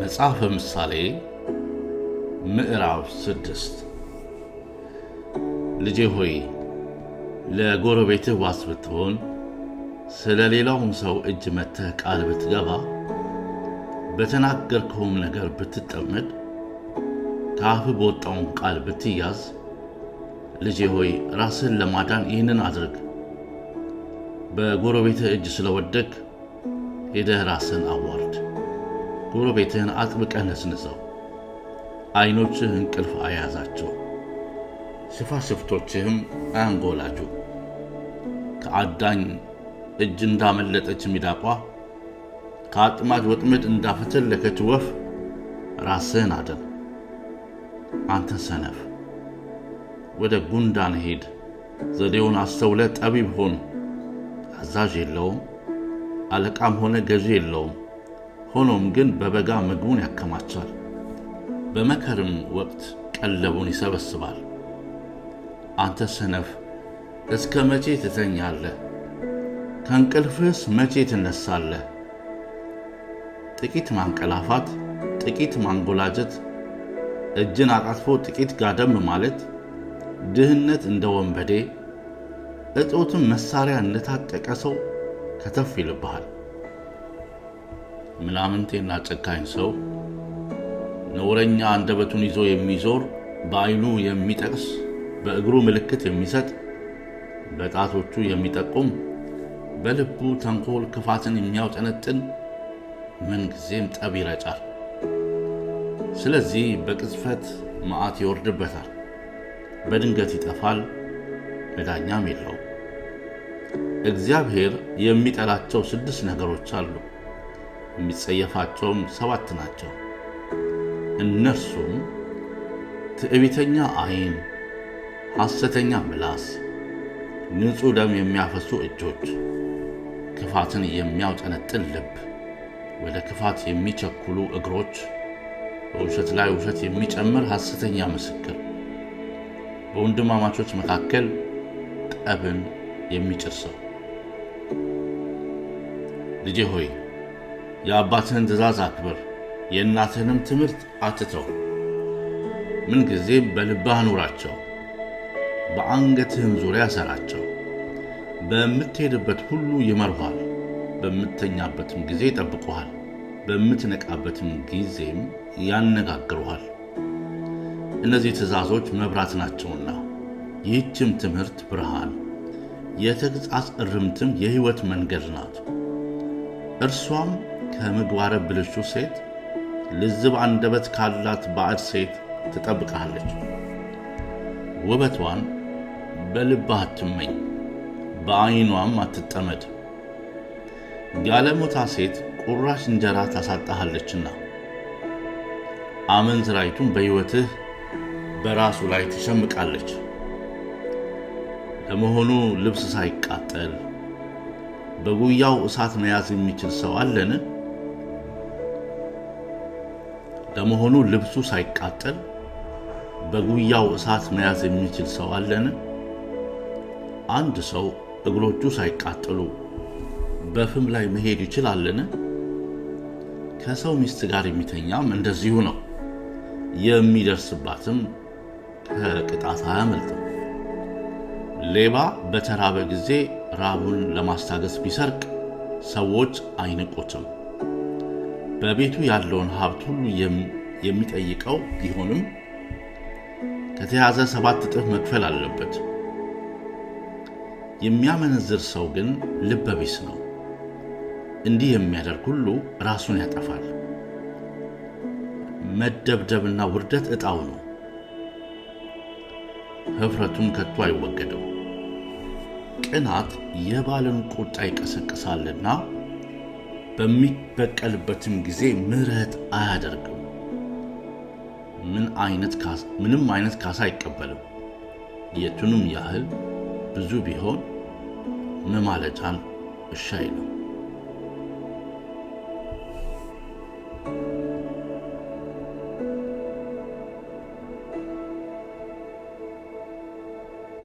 መጽሐፈ ምሳሌ ምዕራፍ ስድስት ልጄ ሆይ ለጎረቤትህ ዋስ ብትሆን ስለ ሌላውም ሰው እጅ መተህ ቃል ብትገባ በተናገርከውም ነገር ብትጠመድ ከአፍ በወጣውን ቃል ብትያዝ ልጄ ሆይ ራስህን ለማዳን ይህንን አድርግ። በጎረቤትህ እጅ ስለወደግ ሄደህ ራስን አዋርድ። ጎረቤትህን አጥብቀህ ነስንሰው። ዐይኖችህ እንቅልፍ አያዛቸው፣ ሽፋሽፍቶችህም አያንጎላጁ። ከአዳኝ እጅ እንዳመለጠች ሚዳቋ፣ ከአጥማጅ ወጥመድ እንዳፈተለከች ወፍ ራስህን አደን። አንተ ሰነፍ ወደ ጉንዳን ሄድ፣ ዘዴውን አስተውለ ጠቢብ ሆን። አዛዥ የለውም፣ አለቃም ሆነ ገዢ የለውም። ሆኖም ግን በበጋ ምግቡን ያከማቻል፣ በመከርም ወቅት ቀለቡን ይሰበስባል። አንተ ሰነፍ እስከ መቼ ትተኛለህ? ከእንቅልፍስ መቼ ትነሳለህ? ጥቂት ማንቀላፋት፣ ጥቂት ማንጎላጀት፣ እጅን አጣጥፎ ጥቂት ጋደም ማለት፣ ድህነት እንደ ወንበዴ፣ እጦትም መሳሪያ እንደታጠቀ ሰው ከተፍ ይልብሃል። ምናምንቴና ጨካኝ ሰው፣ ነውረኛ አንደበቱን ይዞ የሚዞር በአይኑ የሚጠቅስ በእግሩ ምልክት የሚሰጥ በጣቶቹ የሚጠቁም በልቡ ተንኮል ክፋትን የሚያውጠነጥን ምንጊዜም ጠብ ይረጫል። ስለዚህ በቅጽፈት ማዕት ይወርድበታል፣ በድንገት ይጠፋል፣ መዳኛም የለው! እግዚአብሔር የሚጠላቸው ስድስት ነገሮች አሉ። የሚጸየፋቸውም ሰባት ናቸው። እነርሱም ትዕቢተኛ ዐይን፣ ሐሰተኛ ምላስ፣ ንጹሕ ደም የሚያፈሱ እጆች፣ ክፋትን የሚያውጠነጥን ልብ፣ ወደ ክፋት የሚቸኩሉ እግሮች፣ በውሸት ላይ ውሸት የሚጨምር ሐሰተኛ ምስክር፣ በወንድማማቾች መካከል ጠብን የሚጭር ሰው። ልጄ ሆይ የአባትህን ትእዛዝ አክብር፣ የእናትህንም ትምህርት አትተው። ምንጊዜ በልብህ አኑራቸው፣ በአንገትህም ዙሪያ ሰራቸው። በምትሄድበት ሁሉ ይመርኋል በምተኛበትም ጊዜ ይጠብቁሃል፣ በምትነቃበትም ጊዜም ያነጋግሩሃል። እነዚህ ትእዛዞች መብራት ናቸውና ይህችም ትምህርት ብርሃን፣ የተግሣጽ እርምትም የሕይወት መንገድ ናት። እርሷም ከምግባረ ብልሹ ሴት፣ ልዝብ አንደበት ካላት ባዕድ ሴት ትጠብቀሃለች። ውበቷን በልባ አትመኝ፣ በዐይኗም አትጠመድ። ጋለሞታ ሴት ቁራሽ እንጀራ ታሳጣሃለችና አመንዝራይቱን በሕይወትህ በራሱ ላይ ትሸምቃለች። ለመሆኑ ልብስ ሳይቃጠል በጉያው እሳት መያዝ የሚችል ሰው አለን? ለመሆኑ ልብሱ ሳይቃጠል በጉያው እሳት መያዝ የሚችል ሰው አለን? አንድ ሰው እግሮቹ ሳይቃጠሉ በፍም ላይ መሄድ ይችላልን? ከሰው ሚስት ጋር የሚተኛም እንደዚሁ ነው። የሚደርስባትም ከቅጣት አያመልጥም። ሌባ በተራበ ጊዜ ራቡን ለማስታገስ ቢሰርቅ ሰዎች አይንቁትም። በቤቱ ያለውን ሀብት ሁሉ የሚጠይቀው ቢሆንም ከተያዘ ሰባት እጥፍ መክፈል አለበት። የሚያመነዝር ሰው ግን ልበቢስ ነው። እንዲህ የሚያደርግ ሁሉ ራሱን ያጠፋል። መደብደብና ውርደት ዕጣው ነው፣ ህፍረቱን ከቶ አይወገደው። ቅናት የባልን ቁጣ ይቀሰቅሳልና በሚበቀልበትም ጊዜ ምሕረት አያደርግም። ምንም አይነት ካሳ አይቀበልም። የቱንም ያህል ብዙ ቢሆን መማለጃን እሺ አይልም።